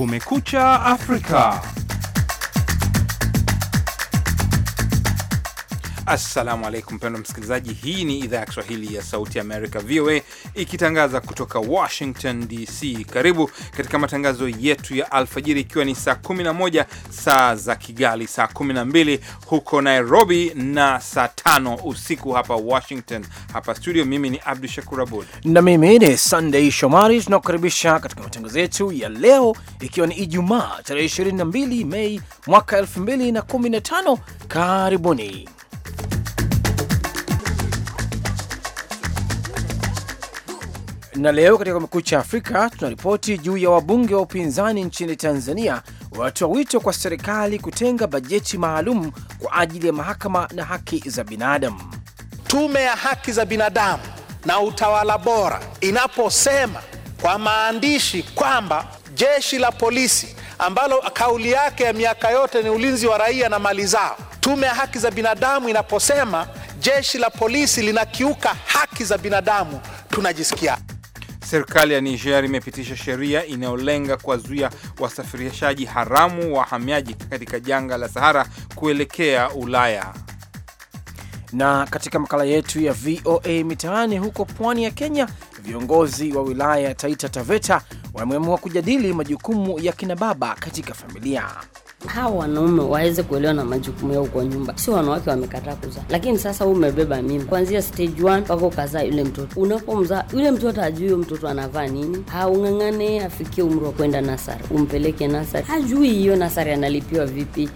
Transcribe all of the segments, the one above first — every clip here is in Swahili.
Kumekucha Afrika. Assalamu alaikum mpendwa msikilizaji, hii ni idhaa ya Kiswahili ya Sauti ya Amerika, VOA, ikitangaza kutoka Washington DC. Karibu katika matangazo yetu ya alfajiri, ikiwa ni saa 11 saa za Kigali, saa 12 huko Nairobi na saa tano usiku hapa Washington. Hapa studio, mimi ni Abdu Shakur Abud na mimi ni sandei Shomari. Tunakukaribisha katika matangazo yetu ya leo, ikiwa ni Ijumaa tarehe 22 Mei mwaka 2015. Karibuni. Na leo katika Kumekucha Afrika tunaripoti juu ya wabunge wa upinzani nchini Tanzania watoa wito kwa serikali kutenga bajeti maalum kwa ajili ya mahakama na haki za binadamu. Tume ya haki za binadamu na utawala bora inaposema kwa maandishi kwamba jeshi la polisi ambalo kauli yake ya miaka yote ni ulinzi wa raia na mali zao. Tume ya haki za binadamu inaposema jeshi la polisi linakiuka haki za binadamu, tunajisikia Serikali ya Niger imepitisha sheria inayolenga kuwazuia wasafirishaji haramu wa wahamiaji katika janga la Sahara kuelekea Ulaya. Na katika makala yetu ya VOA Mitaani, huko pwani ya Kenya, viongozi wa wilaya ya Taita Taveta wameamua kujadili majukumu ya kinababa katika familia hawa wanaume waweze kuelewa na majukumu yao kwa nyumba, sio wanawake wamekataa kuzaa. Lakini sasa huu umebeba mimba kuanzia stage 1 mpaka ukazaa yule mtoto. Unapomzaa yule mtoto, ajui huyo mtoto anavaa nini, haung'ang'ane afikie umri wa kwenda nasari, umpeleke nasari, hajui hiyo nasari analipiwa vipi.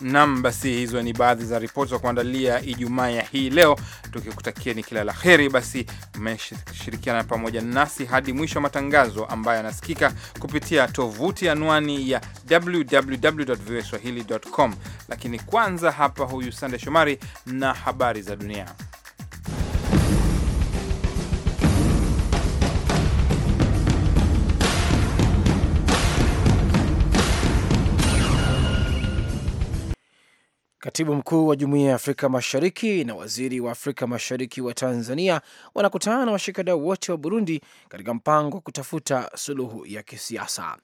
Nam, basi hizo ni baadhi za ripoti za kuandalia Ijumaa ya hii leo, tukikutakia ni kila la heri. Basi mmeshirikiana pamoja nasi hadi mwisho wa matangazo ambayo yanasikika kupitia tovuti anwani ya www.voaswahili.com. Lakini kwanza hapa, huyu Sande Shomari na habari za dunia. Katibu mkuu wa Jumuiya ya Afrika Mashariki na waziri wa Afrika Mashariki wa Tanzania wanakutana na washikadau wote wa Burundi katika mpango wa kutafuta suluhu ya kisiasa.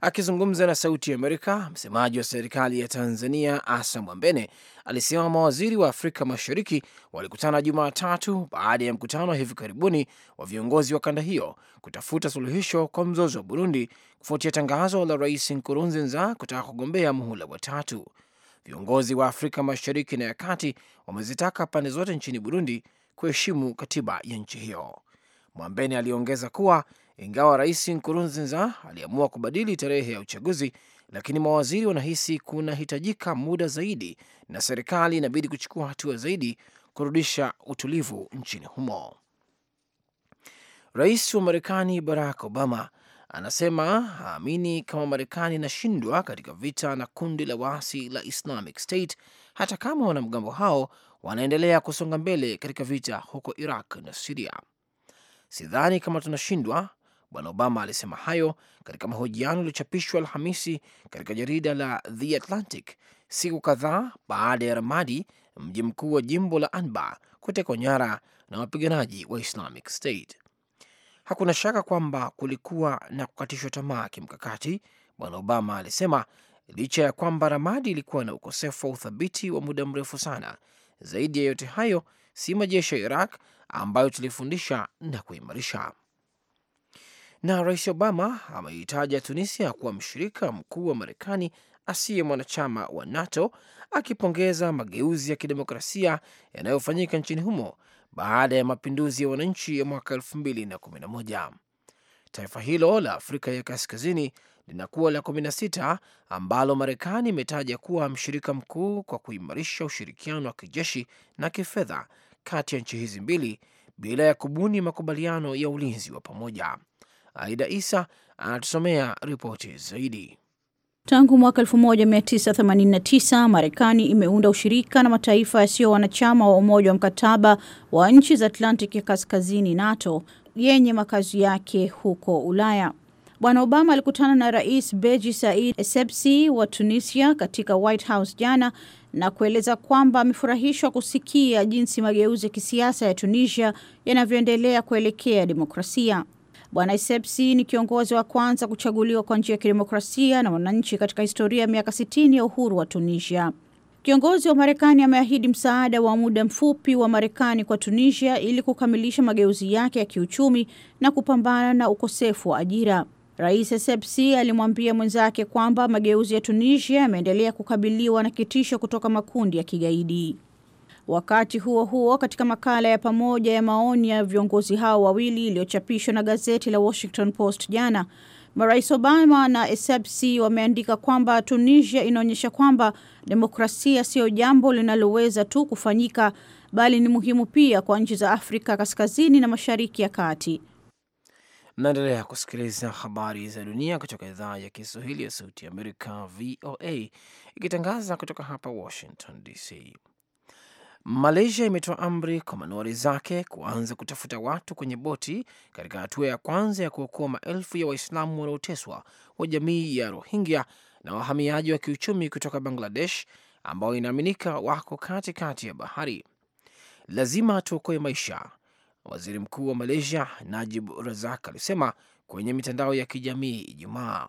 Akizungumza na Sauti ya Amerika, msemaji wa serikali ya Tanzania Asa Mwambene alisema mawaziri wa Afrika Mashariki walikutana Jumatatu baada ya mkutano wa hivi karibuni wa viongozi wa kanda hiyo kutafuta suluhisho kwa mzozo wa Burundi kufuatia tangazo la Rais Nkurunziza kutaka kugombea muhula wa tatu. Viongozi wa Afrika Mashariki na ya Kati wamezitaka pande zote nchini Burundi kuheshimu katiba ya nchi hiyo. Mwambeni aliongeza kuwa ingawa Rais Nkurunziza aliamua kubadili tarehe ya uchaguzi, lakini mawaziri wanahisi kunahitajika muda zaidi na serikali inabidi kuchukua hatua zaidi kurudisha utulivu nchini humo. Rais wa Marekani Barack Obama Anasema haamini kama Marekani inashindwa katika vita na kundi la waasi la Islamic State hata kama wanamgambo hao wanaendelea kusonga mbele katika vita huko Iraq na Siria. Sidhani kama tunashindwa. Bwana Obama alisema hayo katika mahojiano yaliyochapishwa Alhamisi katika jarida la The Atlantic siku kadhaa baada ya Ramadi, mji mkuu wa jimbo la Anbar, kutekwa nyara na wapiganaji wa Islamic State. Hakuna shaka kwamba kulikuwa na kukatishwa tamaa kimkakati, Bwana Obama alisema, licha ya kwamba Ramadi ilikuwa na ukosefu wa uthabiti wa muda mrefu sana. Zaidi ya yote hayo, si majeshi ya Iraq ambayo tulifundisha na kuimarisha. Na Rais Obama ameitaja Tunisia kuwa mshirika mkuu wa Marekani asiye mwanachama wa NATO, akipongeza mageuzi ya kidemokrasia yanayofanyika nchini humo baada ya mapinduzi ya wananchi ya mwaka 211 Taifa hilo la Afrika ya Kaskazini linakuwa la 16 ambalo Marekani imetaja kuwa mshirika mkuu kwa kuimarisha ushirikiano wa kijeshi na kifedha kati ya nchi hizi mbili bila ya kubuni makubaliano ya ulinzi wa pamoja. Aida Isa anatusomea ripoti zaidi. Tangu mwaka 1989 Marekani imeunda ushirika na mataifa yasiyo wanachama wa Umoja wa Mkataba wa Nchi za Atlantic ya Kaskazini, NATO, yenye makazi yake huko Ulaya. Bwana Obama alikutana na Rais Beji Said Essebsi wa Tunisia katika White House jana na kueleza kwamba amefurahishwa kusikia jinsi mageuzi ya kisiasa ya Tunisia yanavyoendelea kuelekea demokrasia. Bwana Isepsi ni kiongozi wa kwanza kuchaguliwa kwa njia ya kidemokrasia na wananchi katika historia ya miaka 60 ya uhuru wa Tunisia. Kiongozi wa Marekani ameahidi msaada wa muda mfupi wa Marekani kwa Tunisia ili kukamilisha mageuzi yake ya kiuchumi na kupambana na ukosefu wa ajira. Rais Essebsi alimwambia mwenzake kwamba mageuzi ya Tunisia yameendelea kukabiliwa na kitisho kutoka makundi ya kigaidi. Wakati huo huo, katika makala ya pamoja ya maoni ya viongozi hao wawili iliyochapishwa na gazeti la Washington Post jana, Marais Obama na Essebsi wameandika kwamba Tunisia inaonyesha kwamba demokrasia siyo jambo linaloweza tu kufanyika bali ni muhimu pia kwa nchi za Afrika Kaskazini na Mashariki ya Kati. Mnaendelea kusikiliza habari za dunia kutoka idhaa ya Kiswahili ya Sauti ya Amerika, VOA, ikitangaza kutoka hapa Washington DC. Malaysia imetoa amri kwa manuari zake kuanza kutafuta watu kwenye boti katika hatua ya kwanza ya kuokoa maelfu ya Waislamu wanaoteswa wa jamii ya Rohingya na wahamiaji wa kiuchumi kutoka Bangladesh ambao inaaminika wako katikati kati ya bahari. Lazima tuokoe maisha, waziri mkuu wa Malaysia Najib Razak alisema kwenye mitandao ya kijamii Ijumaa.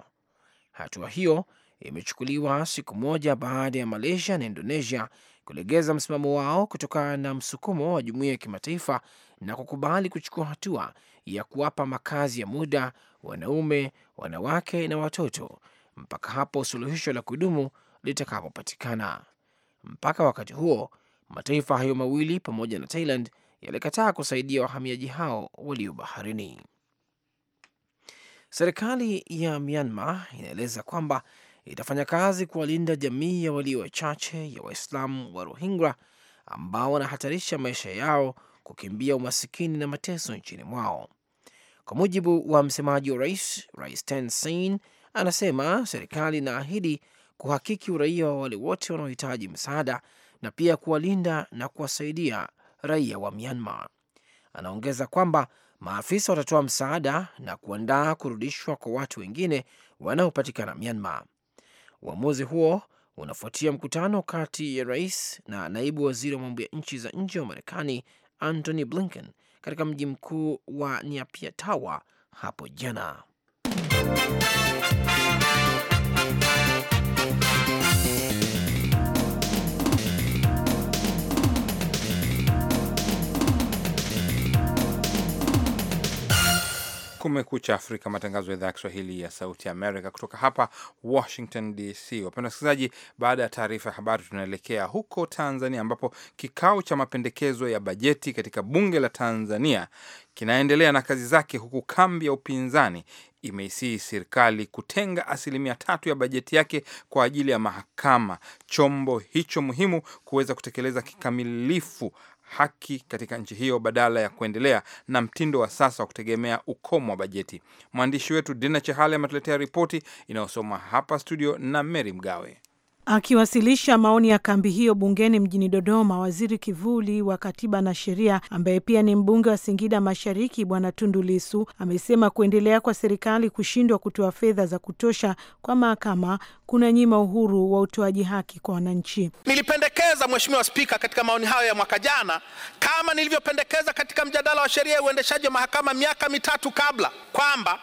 Hatua hiyo imechukuliwa siku moja baada ya Malaysia na Indonesia kulegeza msimamo wao kutokana na msukumo wa jumuiya ya kimataifa na kukubali kuchukua hatua ya kuwapa makazi ya muda wanaume, wanawake na watoto mpaka hapo suluhisho la kudumu litakapopatikana. Mpaka wakati huo, mataifa hayo mawili pamoja na Thailand yalikataa kusaidia wahamiaji hao walio baharini. Serikali ya Myanmar inaeleza kwamba itafanya kazi kuwalinda jamii ya walio wachache ya Waislamu wa Rohingya ambao wanahatarisha maisha yao kukimbia umasikini na mateso nchini mwao. Kwa mujibu wa msemaji wa rais, Rais Thein Sein anasema serikali inaahidi kuhakiki uraia wa wale wote wanaohitaji msaada na pia kuwalinda na kuwasaidia raia wa Myanmar. Anaongeza kwamba maafisa watatoa msaada na kuandaa kurudishwa kwa watu wengine wanaopatikana Myanmar. Uamuzi huo unafuatia mkutano kati ya rais na naibu waziri wa mambo ya nchi za nje wa Marekani Antony Blinken katika mji mkuu wa niapiatawa hapo jana. Kumekucha Afrika, matangazo ya idhaa ya Kiswahili ya Sauti Amerika kutoka hapa Washington DC. Wapenda wasikilizaji, baada ya taarifa ya habari, tunaelekea huko Tanzania ambapo kikao cha mapendekezo ya bajeti katika bunge la Tanzania kinaendelea na kazi zake, huku kambi ya upinzani imeisihi serikali kutenga asilimia tatu ya bajeti yake kwa ajili ya mahakama, chombo hicho muhimu kuweza kutekeleza kikamilifu haki katika nchi hiyo badala ya kuendelea na mtindo wa sasa wa kutegemea ukomo wa bajeti. Mwandishi wetu Dina Chahali ametuletea ripoti inayosoma hapa studio na Mary Mgawe. Akiwasilisha maoni ya kambi hiyo bungeni mjini Dodoma, waziri kivuli wa katiba na sheria ambaye pia ni mbunge wa Singida Mashariki, Bwana Tundu Lisu amesema kuendelea kwa serikali kushindwa kutoa fedha za kutosha kwa mahakama kuna nyima uhuru wa utoaji haki kwa wananchi. Nilipendekeza Mheshimiwa Spika, katika maoni hayo ya mwaka jana, kama nilivyopendekeza katika mjadala wa sheria ya uendeshaji wa mahakama miaka mitatu kabla, kwamba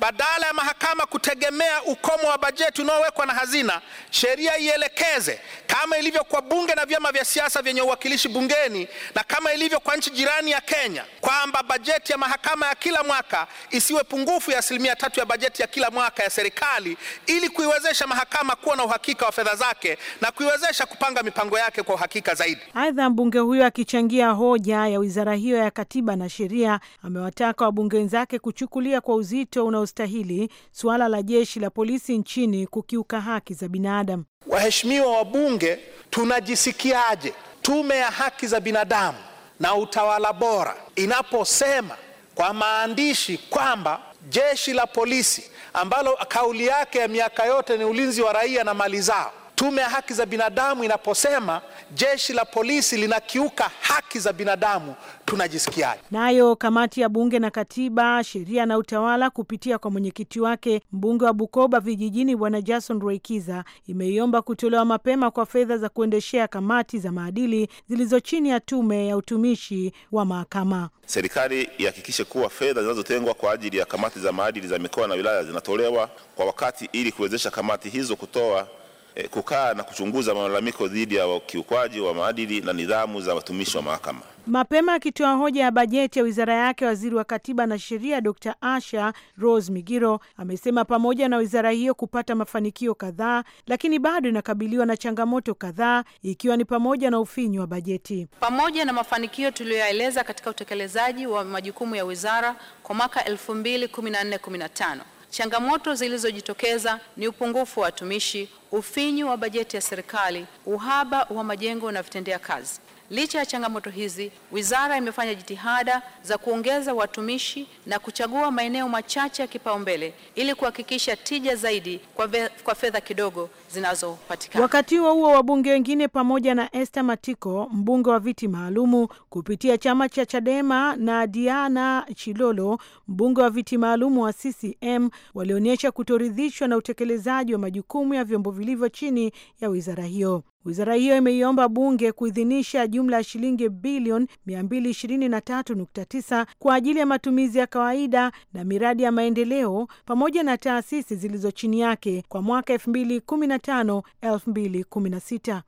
badala ya mahakama kutegemea ukomo wa bajeti unaowekwa na hazina, sheria tulielekeze kama ilivyo kwa bunge na vyama vya siasa vyenye uwakilishi bungeni na kama ilivyo kwa nchi jirani ya Kenya kwamba bajeti ya mahakama ya kila mwaka isiwe pungufu ya asilimia tatu ya bajeti ya kila mwaka ya serikali ili kuiwezesha mahakama kuwa na uhakika wa fedha zake na kuiwezesha kupanga mipango yake kwa uhakika zaidi. Aidha, mbunge huyo akichangia hoja ya wizara hiyo ya katiba na sheria amewataka wabunge wenzake kuchukulia kwa uzito unaostahili suala la jeshi la polisi nchini kukiuka haki za binadamu. Waheshimiwa wabunge, tunajisikiaje tume ya haki za binadamu na utawala bora inaposema kwa maandishi kwamba jeshi la polisi ambalo kauli yake ya miaka yote ni ulinzi wa raia na mali zao Tume ya Haki za Binadamu inaposema jeshi la polisi linakiuka haki za binadamu tunajisikiaje? Nayo kamati ya bunge na katiba, sheria na utawala kupitia kwa mwenyekiti wake mbunge wa Bukoba vijijini Bwana Jason Roikiza imeiomba kutolewa mapema kwa fedha za kuendeshea kamati za maadili zilizo chini ya tume ya utumishi wa mahakama. Serikali ihakikishe kuwa fedha zinazotengwa kwa ajili ya kamati za maadili za mikoa na wilaya zinatolewa kwa wakati ili kuwezesha kamati hizo kutoa e, kukaa na kuchunguza malalamiko dhidi ya ukiukwaji wa maadili na nidhamu za watumishi wa mahakama. Mapema akitoa hoja ya bajeti ya wizara yake, waziri wa katiba na sheria Dr Asha Rose Migiro amesema pamoja na wizara hiyo kupata mafanikio kadhaa, lakini bado inakabiliwa na changamoto kadhaa, ikiwa ni pamoja na ufinyu wa bajeti. Pamoja na mafanikio tuliyoyaeleza katika utekelezaji wa majukumu ya wizara kwa mwaka 2014/15 Changamoto zilizojitokeza ni upungufu wa watumishi, ufinyu wa bajeti ya serikali, uhaba wa majengo na vitendea kazi. Licha ya changamoto hizi, wizara imefanya jitihada za kuongeza watumishi na kuchagua maeneo machache ya kipaumbele ili kuhakikisha tija zaidi kwa, kwa fedha kidogo zinazopatikana. Wakati huo huo, wabunge wengine pamoja na Esther Matiko, mbunge wa viti maalumu kupitia chama cha Chadema, na Diana Chilolo, mbunge wa viti maalumu wa CCM, walionyesha kutoridhishwa na utekelezaji wa majukumu ya vyombo vilivyo chini ya wizara hiyo. Wizara hiyo imeiomba bunge kuidhinisha jumla ya shilingi bilioni 223.9 kwa ajili ya matumizi ya kawaida na miradi ya maendeleo pamoja na taasisi zilizo chini yake kwa mwaka 2015 2016.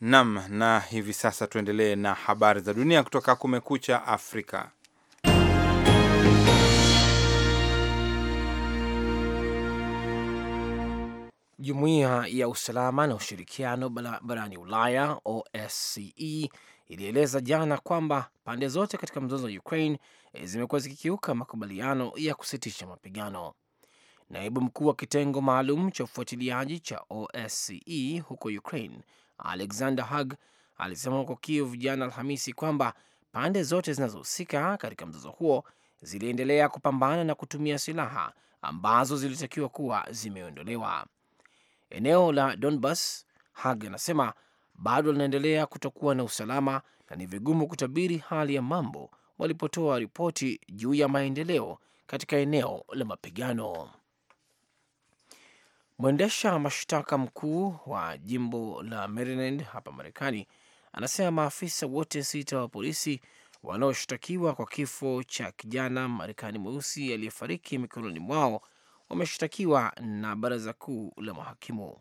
Nam, na hivi sasa tuendelee na habari za dunia kutoka Kumekucha Afrika. Jumuiya ya usalama na ushirikiano barani Ulaya, OSCE, ilieleza jana kwamba pande zote katika mzozo wa Ukraine e, zimekuwa zikikiuka makubaliano ya kusitisha mapigano. Naibu mkuu wa kitengo maalum cha ufuatiliaji cha OSCE huko Ukraine, Alexander hug alisema huko Kiev jana Alhamisi kwamba pande zote zinazohusika katika mzozo huo ziliendelea kupambana na kutumia silaha ambazo zilitakiwa kuwa zimeondolewa. Eneo la Donbas, hag anasema bado linaendelea kutokuwa na usalama na ni vigumu kutabiri hali ya mambo walipotoa ripoti juu ya maendeleo katika eneo la mapigano. Mwendesha mashtaka mkuu wa jimbo la Maryland hapa Marekani anasema maafisa wote sita wa polisi wanaoshtakiwa kwa kifo cha kijana Marekani mweusi aliyefariki mikononi mwao wameshtakiwa na baraza kuu la mahakimu.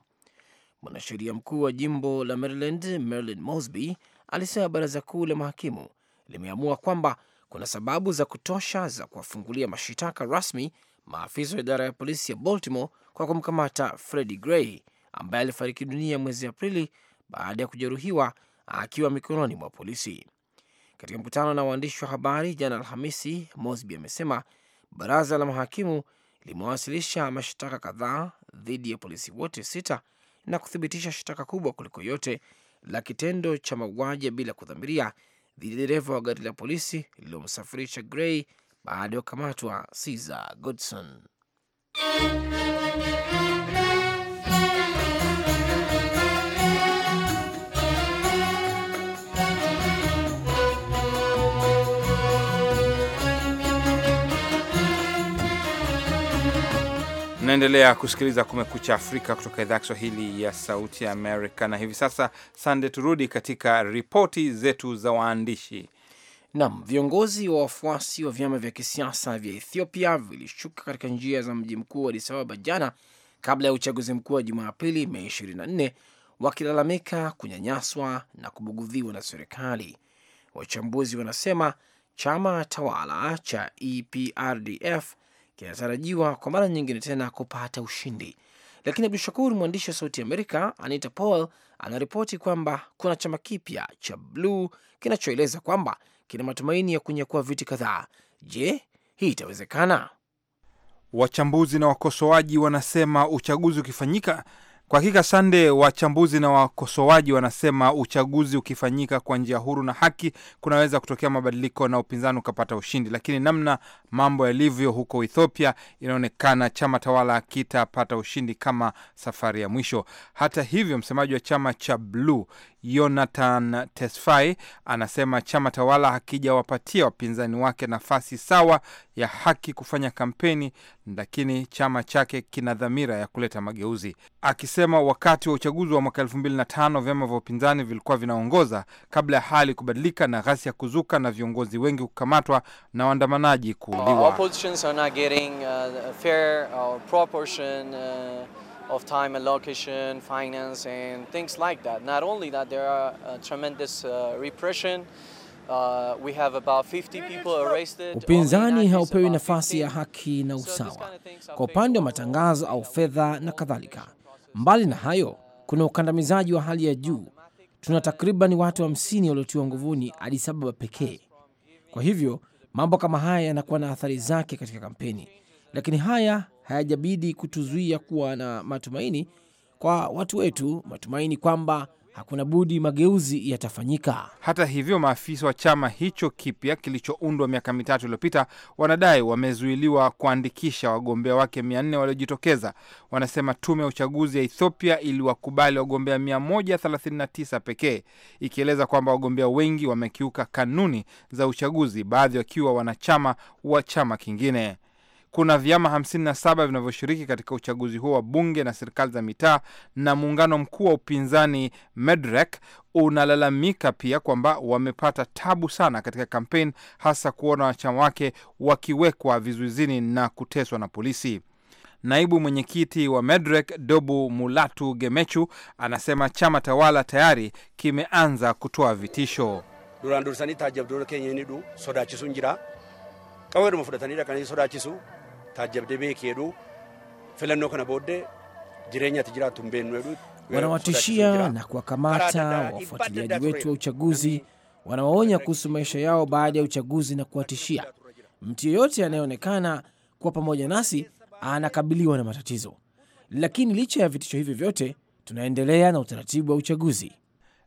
Mwanasheria mkuu wa jimbo la Maryland, Marilyn Mosby, alisema baraza kuu la mahakimu limeamua kwamba kuna sababu za kutosha za kuwafungulia mashitaka rasmi maafisa wa idara ya polisi ya Baltimore kwa kumkamata Freddie Gray ambaye alifariki dunia mwezi Aprili baada ya kujeruhiwa akiwa mikononi mwa polisi. Katika mkutano na waandishi wa habari jana Alhamisi, Mosby amesema baraza la mahakimu limewasilisha mashtaka kadhaa dhidi ya polisi wote sita na kuthibitisha shtaka kubwa kuliko yote la kitendo cha mauaji bila kudhamiria dhidi ya dereva wa gari la polisi lililomsafirisha Gray baada ya kukamatwa Cesar Godson. Naendelea kusikiliza Kumekucha Afrika kutoka idhaa ya Kiswahili ya Sauti ya Amerika. Na hivi sasa, Sande, turudi katika ripoti zetu za waandishi. Nam, viongozi wa wafuasi wa vyama vya kisiasa vya Ethiopia vilishuka katika njia za mji mkuu wa Addis Ababa jana kabla ya uchaguzi mkuu wa Jumapili, Mei 24 wakilalamika kunyanyaswa na kubugudhiwa na serikali. Wachambuzi wanasema chama tawala cha EPRDF kinatarajiwa kwa mara nyingine tena kupata ushindi. Lakini Abdu Shakur, mwandishi wa Sauti Amerika Anita Powell anaripoti kwamba kuna chama kipya cha Bluu kinachoeleza kwamba kina matumaini ya kunyakua viti kadhaa. Je, hii itawezekana? Wachambuzi na wakosoaji wanasema uchaguzi ukifanyika kwa hakika Sande, wachambuzi na wakosoaji wanasema uchaguzi ukifanyika kwa njia huru na haki kunaweza kutokea mabadiliko na upinzani ukapata ushindi, lakini namna mambo yalivyo huko Ethiopia inaonekana chama tawala kitapata ushindi kama safari ya mwisho. Hata hivyo, msemaji wa chama cha Bluu Yonathan Tesfai anasema chama tawala hakijawapatia wapinzani wake nafasi sawa ya haki kufanya kampeni, lakini chama chake kina dhamira ya kuleta mageuzi, akisema wakati wa uchaguzi wa mwaka elfu mbili na tano vyama vya upinzani vilikuwa vinaongoza kabla ya hali kubadilika na ghasia kuzuka na viongozi wengi kukamatwa na waandamanaji kuuliwa. Uh, Uh, Upinzani haupewi nafasi ya haki na usawa kwa upande wa matangazo au fedha na kadhalika. Mbali na hayo, kuna ukandamizaji wa hali ya juu. Tuna takriban watu hamsini wa waliotiwa nguvuni Addis Ababa pekee. Kwa hivyo mambo kama haya yanakuwa na athari zake katika kampeni, lakini haya hayajabidi kutuzuia kuwa na matumaini kwa watu wetu, matumaini kwamba hakuna budi mageuzi yatafanyika. Hata hivyo, maafisa wa chama hicho kipya kilichoundwa miaka mitatu iliyopita wanadai wamezuiliwa kuandikisha wagombea wake mia nne waliojitokeza. Wanasema tume ya uchaguzi ya Ethiopia iliwakubali wagombea 139 pekee, ikieleza kwamba wagombea wengi wamekiuka kanuni za uchaguzi, baadhi wakiwa wanachama wa chama kingine kuna vyama 57 vinavyoshiriki katika uchaguzi huo wa bunge na serikali za mitaa, na muungano mkuu wa upinzani MEDREC unalalamika pia kwamba wamepata tabu sana katika kampeni, hasa kuona wanachama wake wakiwekwa vizuizini na kuteswa na polisi. Naibu mwenyekiti wa MEDREC Dobu Mulatu Gemechu anasema chama tawala tayari kimeanza kutoa vitisho. duran taajabdemee keenu filannoo kana booddee jireenya jiraatu hin jedhu wanawatishia na kuwakamata wafuatiliaji wetu wa uchaguzi, wanawaonya kuhusu maisha yao baada ya uchaguzi na kuwatishia, mtu yeyote anayeonekana kuwa pamoja nasi anakabiliwa na matatizo. Lakini licha ya vitisho hivi vyote, tunaendelea na utaratibu wa uchaguzi.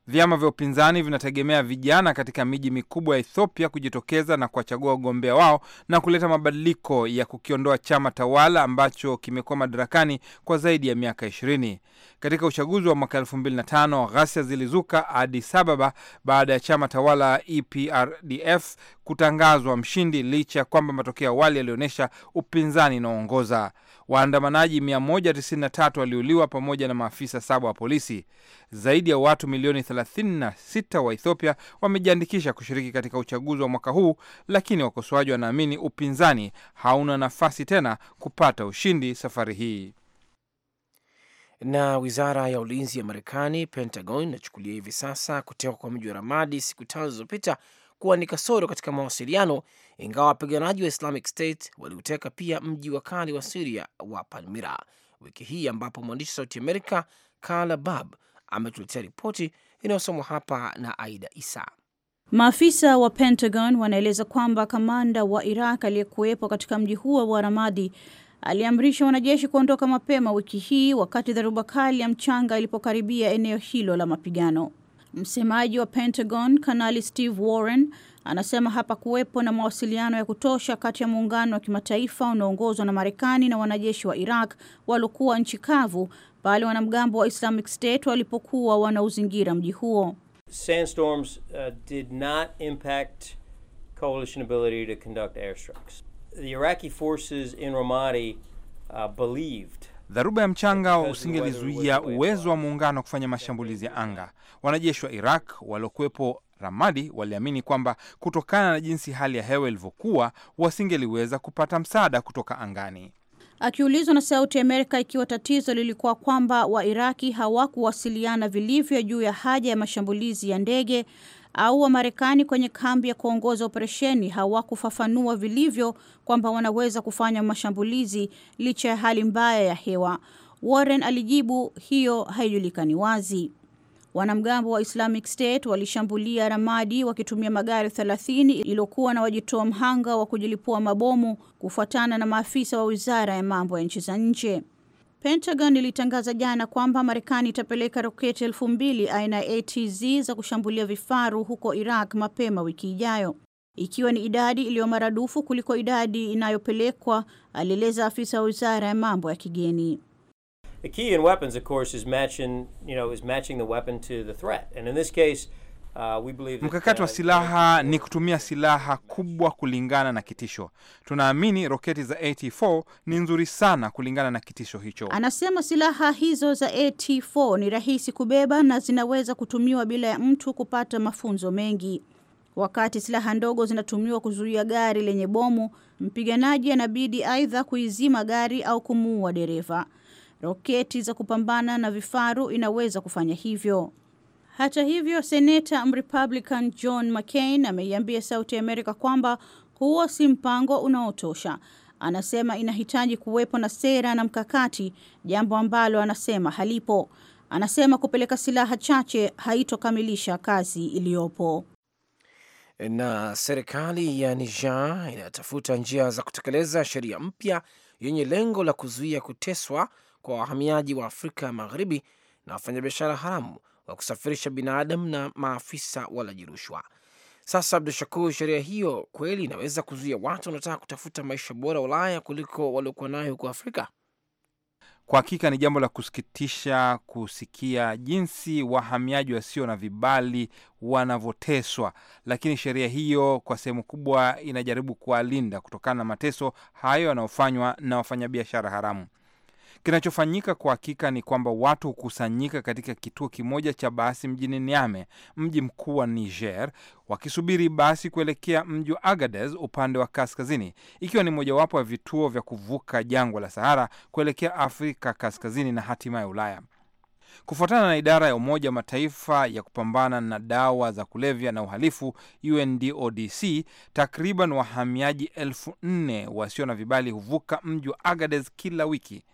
Vyama vya upinzani vinategemea vijana katika miji mikubwa ya Ethiopia kujitokeza na kuwachagua wagombea wao na kuleta mabadiliko ya kukiondoa chama tawala ambacho kimekuwa madarakani kwa zaidi ya miaka ishirini. Katika uchaguzi wa mwaka elfu mbili na tano ghasia zilizuka Addis Ababa baada ya chama tawala EPRDF kutangazwa mshindi licha ya kwamba matokeo awali yalionyesha upinzani inaoongoza waandamanaji 193 waliuliwa pamoja na maafisa saba wa polisi. Zaidi ya watu milioni 36 wa Ethiopia wamejiandikisha kushiriki katika uchaguzi wa mwaka huu, lakini wakosoaji wanaamini upinzani hauna nafasi tena kupata ushindi safari hii. Na wizara ya ulinzi ya Marekani, Pentagon, inachukulia hivi sasa kutekwa kwa mji wa Ramadi siku tano zilizopita kuwa ni kasoro katika mawasiliano, ingawa wapiganaji wa Islamic State waliuteka pia mji wa kale wa Siria wa Palmira wiki hii, ambapo mwandishi wa Sauti Amerika Kala Bab ametuletea ripoti inayosomwa hapa na Aida Isa. Maafisa wa Pentagon wanaeleza kwamba kamanda wa Iraq aliyekuwepo katika mji huo wa Ramadi aliamrisha wanajeshi kuondoka mapema wiki hii wakati dharuba kali ya mchanga ilipokaribia eneo hilo la mapigano. Msemaji wa Pentagon Kanali Steve Warren anasema hapa kuwepo na mawasiliano ya kutosha kati ya muungano wa kimataifa unaoongozwa na Marekani na wanajeshi wa Iraq waliokuwa nchi kavu pale wanamgambo wa Islamic State walipokuwa wanauzingira mji huo. Sandstorms uh, did not impact coalition ability to conduct airstrikes. The Iraqi forces in Ramadi uh, believed Dharuba ya mchanga usingelizuia uwezo wa muungano kufanya mashambulizi ya anga. Wanajeshi wa Iraq waliokuwepo Ramadi waliamini kwamba kutokana na jinsi hali ya hewa ilivyokuwa, wasingeliweza kupata msaada kutoka angani. Akiulizwa na Sauti Amerika ikiwa tatizo lilikuwa kwamba Wairaki hawakuwasiliana vilivyo juu ya haja ya mashambulizi ya ndege, au Wamarekani kwenye kambi ya kuongoza operesheni hawakufafanua vilivyo kwamba wanaweza kufanya mashambulizi licha ya hali mbaya ya hewa. Warren alijibu, hiyo haijulikani wazi. Wanamgambo wa Islamic State walishambulia Ramadi wakitumia magari 30 iliyokuwa na wajitoa mhanga wa kujilipua mabomu, kufuatana na maafisa wa Wizara ya Mambo ya Nchi za Nje. Pentagon ilitangaza jana kwamba Marekani itapeleka roketi elfu mbili aina ya ATZ za kushambulia vifaru huko Iraq mapema wiki ijayo, ikiwa ni idadi iliyo maradufu kuliko idadi inayopelekwa, alieleza afisa wa wizara ya mambo ya kigeni. The key in weapons, of course, is matching, you know, is matching the weapon to the threat. And in this case, Uh, Mkakati wa uh, silaha ni kutumia silaha kubwa kulingana na kitisho. Tunaamini roketi za AT4 ni nzuri sana kulingana na kitisho hicho, anasema. Silaha hizo za AT4 ni rahisi kubeba na zinaweza kutumiwa bila ya mtu kupata mafunzo mengi. Wakati silaha ndogo zinatumiwa kuzuia gari lenye bomu, mpiganaji anabidi aidha kuizima gari au kumuua dereva. Roketi za kupambana na vifaru inaweza kufanya hivyo. Hata hivyo, seneta Mrepublican John McCain ameiambia Sauti ya Amerika kwamba huo si mpango unaotosha. Anasema inahitaji kuwepo na sera na mkakati, jambo ambalo anasema halipo. Anasema kupeleka silaha chache haitokamilisha kazi iliyopo. Na serikali ya Niger inatafuta njia za kutekeleza sheria mpya yenye lengo la kuzuia kuteswa kwa wahamiaji wa Afrika ya Magharibi na wafanyabiashara haramu wa kusafirisha binadamu na maafisa walaji rushwa. Sasa Abdu Shakur, sheria hiyo kweli inaweza kuzuia watu wanaotaka kutafuta maisha bora Ulaya kuliko waliokuwa nayo huko Afrika? Kwa hakika ni jambo la kusikitisha kusikia jinsi wahamiaji wasio na vibali wanavyoteswa, lakini sheria hiyo kwa sehemu kubwa inajaribu kuwalinda kutokana na mateso hayo yanayofanywa na wafanyabiashara haramu. Kinachofanyika kwa hakika ni kwamba watu hukusanyika katika kituo kimoja cha basi mjini Niame, mji mkuu wa Niger, wakisubiri basi kuelekea mji wa agades upande wa kaskazini, ikiwa ni mojawapo ya vituo vya kuvuka jangwa la Sahara kuelekea Afrika kaskazini na hatimaye Ulaya. Kufuatana na idara ya Umoja wa Mataifa ya kupambana na dawa za kulevya na uhalifu UNDODC, takriban wahamiaji elfu nne wasio na vibali huvuka mji wa agades kila wiki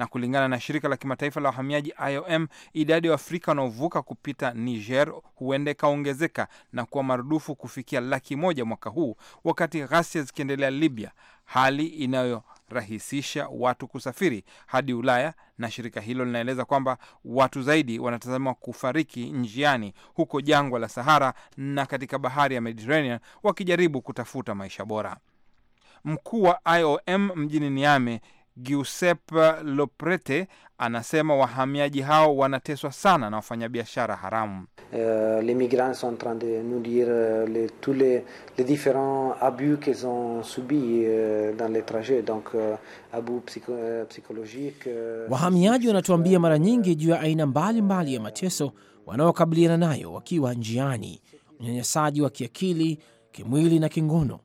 na kulingana na shirika la kimataifa la wahamiaji IOM, idadi ya Waafrika wanaovuka kupita Niger huenda ikaongezeka na kuwa marudufu kufikia laki moja mwaka huu, wakati ghasia zikiendelea Libya, hali inayorahisisha watu kusafiri hadi Ulaya. Na shirika hilo linaeleza kwamba watu zaidi wanatazama kufariki njiani huko jangwa la Sahara na katika bahari ya Mediterranean wakijaribu kutafuta maisha bora. Mkuu wa IOM mjini Niamey Giuseppe Loprete anasema wahamiaji hao wanateswa sana na wafanyabiashara haramu. Uh, les migrants sont en train de nous dire euh, les, tous les, les différents abus qu'ils ont subis uh, dans les trajets donc uh, abus psycho, uh, psychologiques uh, wahamiaji wanatuambia euh, mara nyingi juu ya aina mbalimbali mbali ya mateso wanaokabiliana nayo wakiwa njiani, unyanyasaji wa kiakili, kimwili na kingono.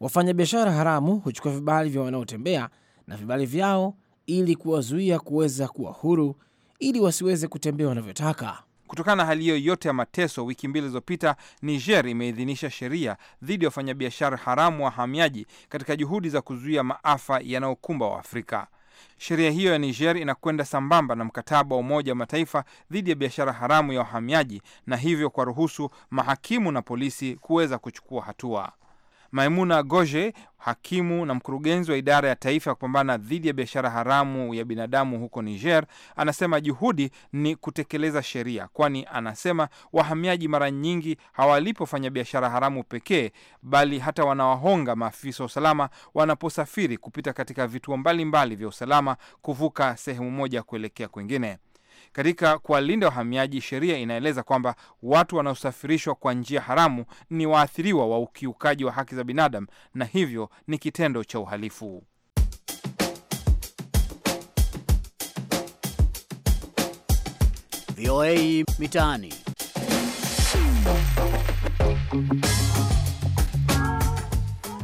Wafanyabiashara haramu huchukua vibali vya wanaotembea na vibali vyao ili kuwazuia kuweza kuwa huru ili wasiweze kutembea wanavyotaka. Kutokana na hali hiyo yote ya mateso, wiki mbili zilizopita, Niger imeidhinisha sheria dhidi ya wafanyabiashara haramu wa wahamiaji katika juhudi za kuzuia maafa yanayokumba Waafrika. Sheria hiyo ya Niger inakwenda sambamba na mkataba wa Umoja wa Mataifa dhidi ya biashara haramu ya wahamiaji, na hivyo kwa ruhusu mahakimu na polisi kuweza kuchukua hatua. Maimuna Goje, hakimu na mkurugenzi wa idara ya taifa ya kupambana dhidi ya biashara haramu ya binadamu huko Niger, anasema juhudi ni kutekeleza sheria, kwani anasema wahamiaji mara nyingi hawalipofanya biashara haramu pekee, bali hata wanawahonga maafisa wa usalama wanaposafiri kupita katika vituo mbalimbali mbali vya usalama kuvuka sehemu moja kuelekea kwingine. Katika kuwalinda wahamiaji, sheria inaeleza kwamba watu wanaosafirishwa kwa njia haramu ni waathiriwa wa ukiukaji wa haki za binadamu, na hivyo ni kitendo cha uhalifu. VOA Mitaani.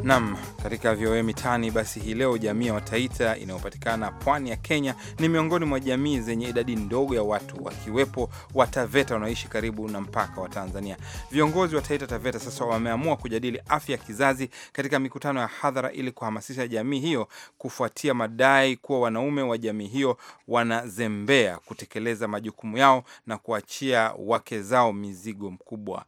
Nam, katika VOA Mitaani basi hii leo, jamii ya Wataita inayopatikana pwani ya Kenya ni miongoni mwa jamii zenye idadi ndogo ya watu, wakiwepo Wataveta wanaoishi karibu na mpaka wa Tanzania. Viongozi wa Taita Taveta sasa wameamua kujadili afya ya kizazi katika mikutano ya hadhara ili kuhamasisha jamii hiyo, kufuatia madai kuwa wanaume wa jamii hiyo wanazembea kutekeleza majukumu yao na kuachia wake zao mizigo mkubwa.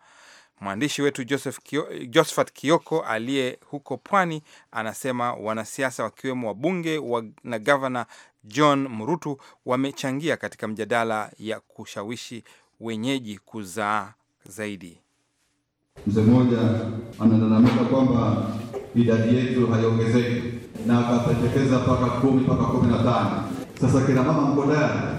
Mwandishi wetu Joseph Kio, Josephat Kioko aliye huko Pwani anasema wanasiasa wakiwemo wabunge wa, na gavana John Murutu wamechangia katika mjadala ya kushawishi wenyeji kuzaa zaidi. Mzee mmoja analalamika kwamba idadi yetu haiongezeki na akapendekeza mpaka kumi mpaka kumi na tano. Sasa kina mama mko tayari?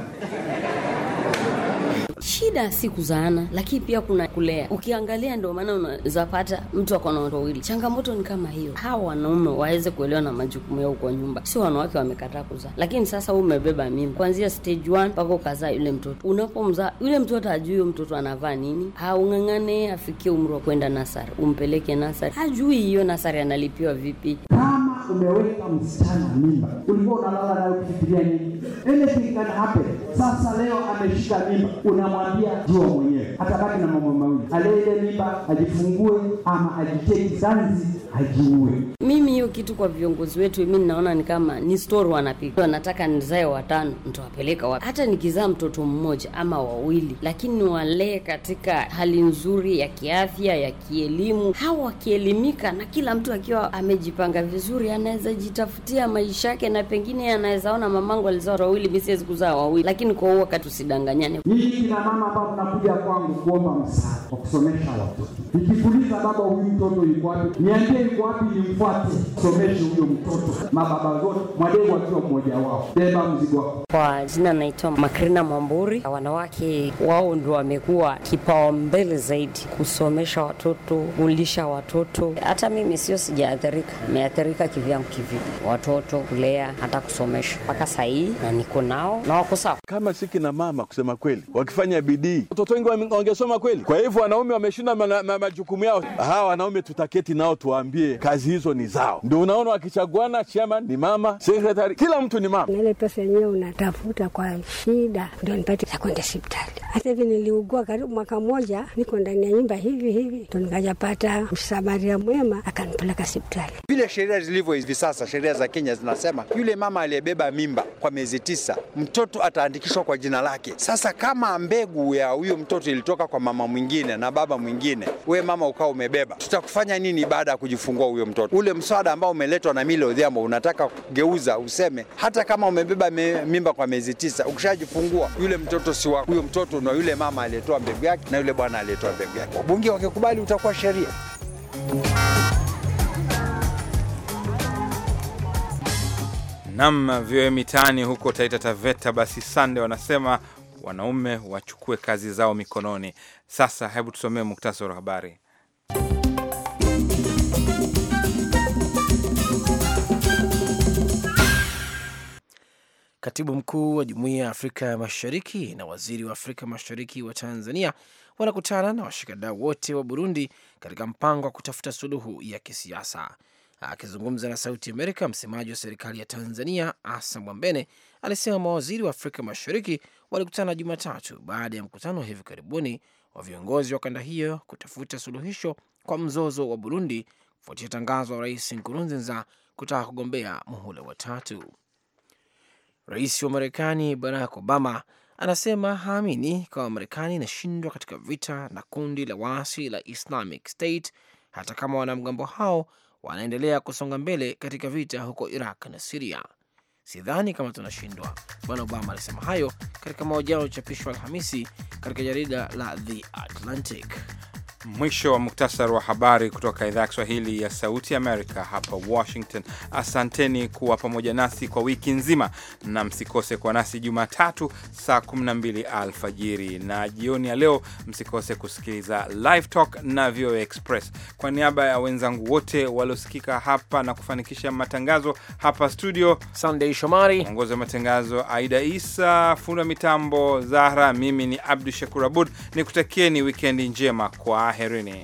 shida si kuzaana, lakini pia kuna kulea. Ukiangalia, ndio maana unawezapata mtu akona na wawili. Changamoto ni kama hiyo, hawa wanaume waweze kuelewa na majukumu yao kwa nyumba, sio wanawake wamekataa kuzaa. Lakini sasa wewe umebeba mimi kwanzia stage 1 mpaka ukazaa yule mtoto. Unapomzaa yule mtoto, ajui huyo mtoto anavaa nini, haung'ang'ane afikie umri wa kwenda nasari, umpeleke nasari, hajui hiyo nasari analipiwa vipi umeweka msichana mimba, ulikuwa unalala nayo ukifikiria nini? Anything can happen. Sasa leo ameshika mimba, unamwambia jua mwenyewe, atabaki na mambo mawili, alee mimba, ajifungue ama ajiteki zanzi, ajiue. Mimi hiyo kitu kwa viongozi wetu, mimi ninaona ni kama ni story wanapiga, wanataka nizae watano, nitawapeleka wapi? Hata nikizaa mtoto mmoja ama wawili, lakini niwalee katika hali nzuri ya kiafya, ya kielimu, hawa wakielimika na kila mtu akiwa amejipanga vizuri anaweza jitafutia maisha yake, na pengine anaweza ona mamangu alizaa wawili, mimi siwezi kuzaa wawili. Lakini kwa wakati usidanganyane. Nyinyi na mama ambao mnakuja kwangu kuomba msaada kwa kusomesha watoto, nikikuliza baba, huyu mtoto yuko wapi? Niambie yuko wapi, nimfuate someshe huyo mtoto. Mababa zote mwalimu akiwa mmoja wao, beba mzigo wako. Kwa jina naitwa Makrina Mwamburi. Wanawake wao ndio wamekuwa kipaumbele zaidi kusomesha watoto, kulisha watoto. Hata mimi sio sijaathirika, nimeathirika vyangu kivipi, watoto kulea, hata kusomesha mpaka saa hii, na niko nao na wako sawa kama si kina mama. Kusema kweli, wakifanya bidii watoto wengi wangesoma kweli. Kwa hivyo wanaume wameshinda majukumu yao. Hawa wanaume tutaketi nao tuwaambie kazi hizo ni zao, ndio unaona wakichaguana, chairman ni mama, sekretari kila mtu ni mama. Na ile pesa yenyewe unatafuta kwa shida ndio nipate za kwenda hospitali. Hata hivi niliugua karibu mwaka mmoja, niko ndani ya nyumba hivi hivi, ndo nikajapata msamaria mwema akanipeleka hospitali. Vile sheria zilivyo Ndivyo hivi sasa sheria za Kenya zinasema yule mama aliyebeba mimba kwa miezi tisa, mtoto ataandikishwa kwa jina lake. Sasa kama mbegu ya huyo mtoto ilitoka kwa mama mwingine na baba mwingine, we mama ukawa umebeba, tutakufanya nini baada ya kujifungua huyo mtoto? Ule mswada ambao umeletwa na Millie Odhiambo unataka kugeuza, useme hata kama umebeba me, mimba kwa miezi tisa, ukishajifungua yule mtoto si wako. Huyo mtoto na yule mama aliyetoa mbegu yake na yule bwana aliyetoa mbegu yake. Wabunge wakikubali utakuwa sheria. Nam vioe mitaani huko Taita Taveta, basi Sande wanasema wanaume wachukue kazi zao mikononi. Sasa hebu tusomee muktasari wa habari. Katibu mkuu wa Jumuiya ya Afrika ya Mashariki na waziri wa Afrika Mashariki wa Tanzania wanakutana na washikadau wote wa Burundi katika mpango wa kutafuta suluhu ya kisiasa. Akizungumza na Sauti Amerika, msemaji wa serikali ya Tanzania Asa Mwambene alisema mawaziri wa Afrika Mashariki walikutana Jumatatu baada ya mkutano wa hivi karibuni wa viongozi wa kanda hiyo kutafuta suluhisho kwa mzozo wa Burundi kufuatia tangazo la Rais Nkurunziza kutaka kugombea muhula wa tatu. Rais wa Marekani Barack Obama anasema haamini kama Marekani inashindwa katika vita na kundi la waasi la Islamic State hata kama wanamgambo hao wanaendelea kusonga mbele katika vita huko Iraq na Siria. Sidhani kama tunashindwa, Bwana Obama alisema hayo katika mahojiano chapishwa Alhamisi katika jarida la The Atlantic. Mwisho wa muktasari wa habari kutoka idhaa ya Kiswahili ya Sauti Amerika hapa Washington. Asanteni kuwa pamoja nasi kwa wiki nzima, na msikose kuwa nasi Jumatatu saa 12 alfajiri na jioni ya leo. Msikose kusikiliza Live Talk na VOA Express. Kwa niaba ya wenzangu wote waliosikika hapa na kufanikisha matangazo hapa studio, Sunday Shomari mwongozi wa matangazo, Aida Isa funda mitambo, Zahra, mimi ni Abdu Shakur Abud nikutakieni wikendi njema kwa 흐르네.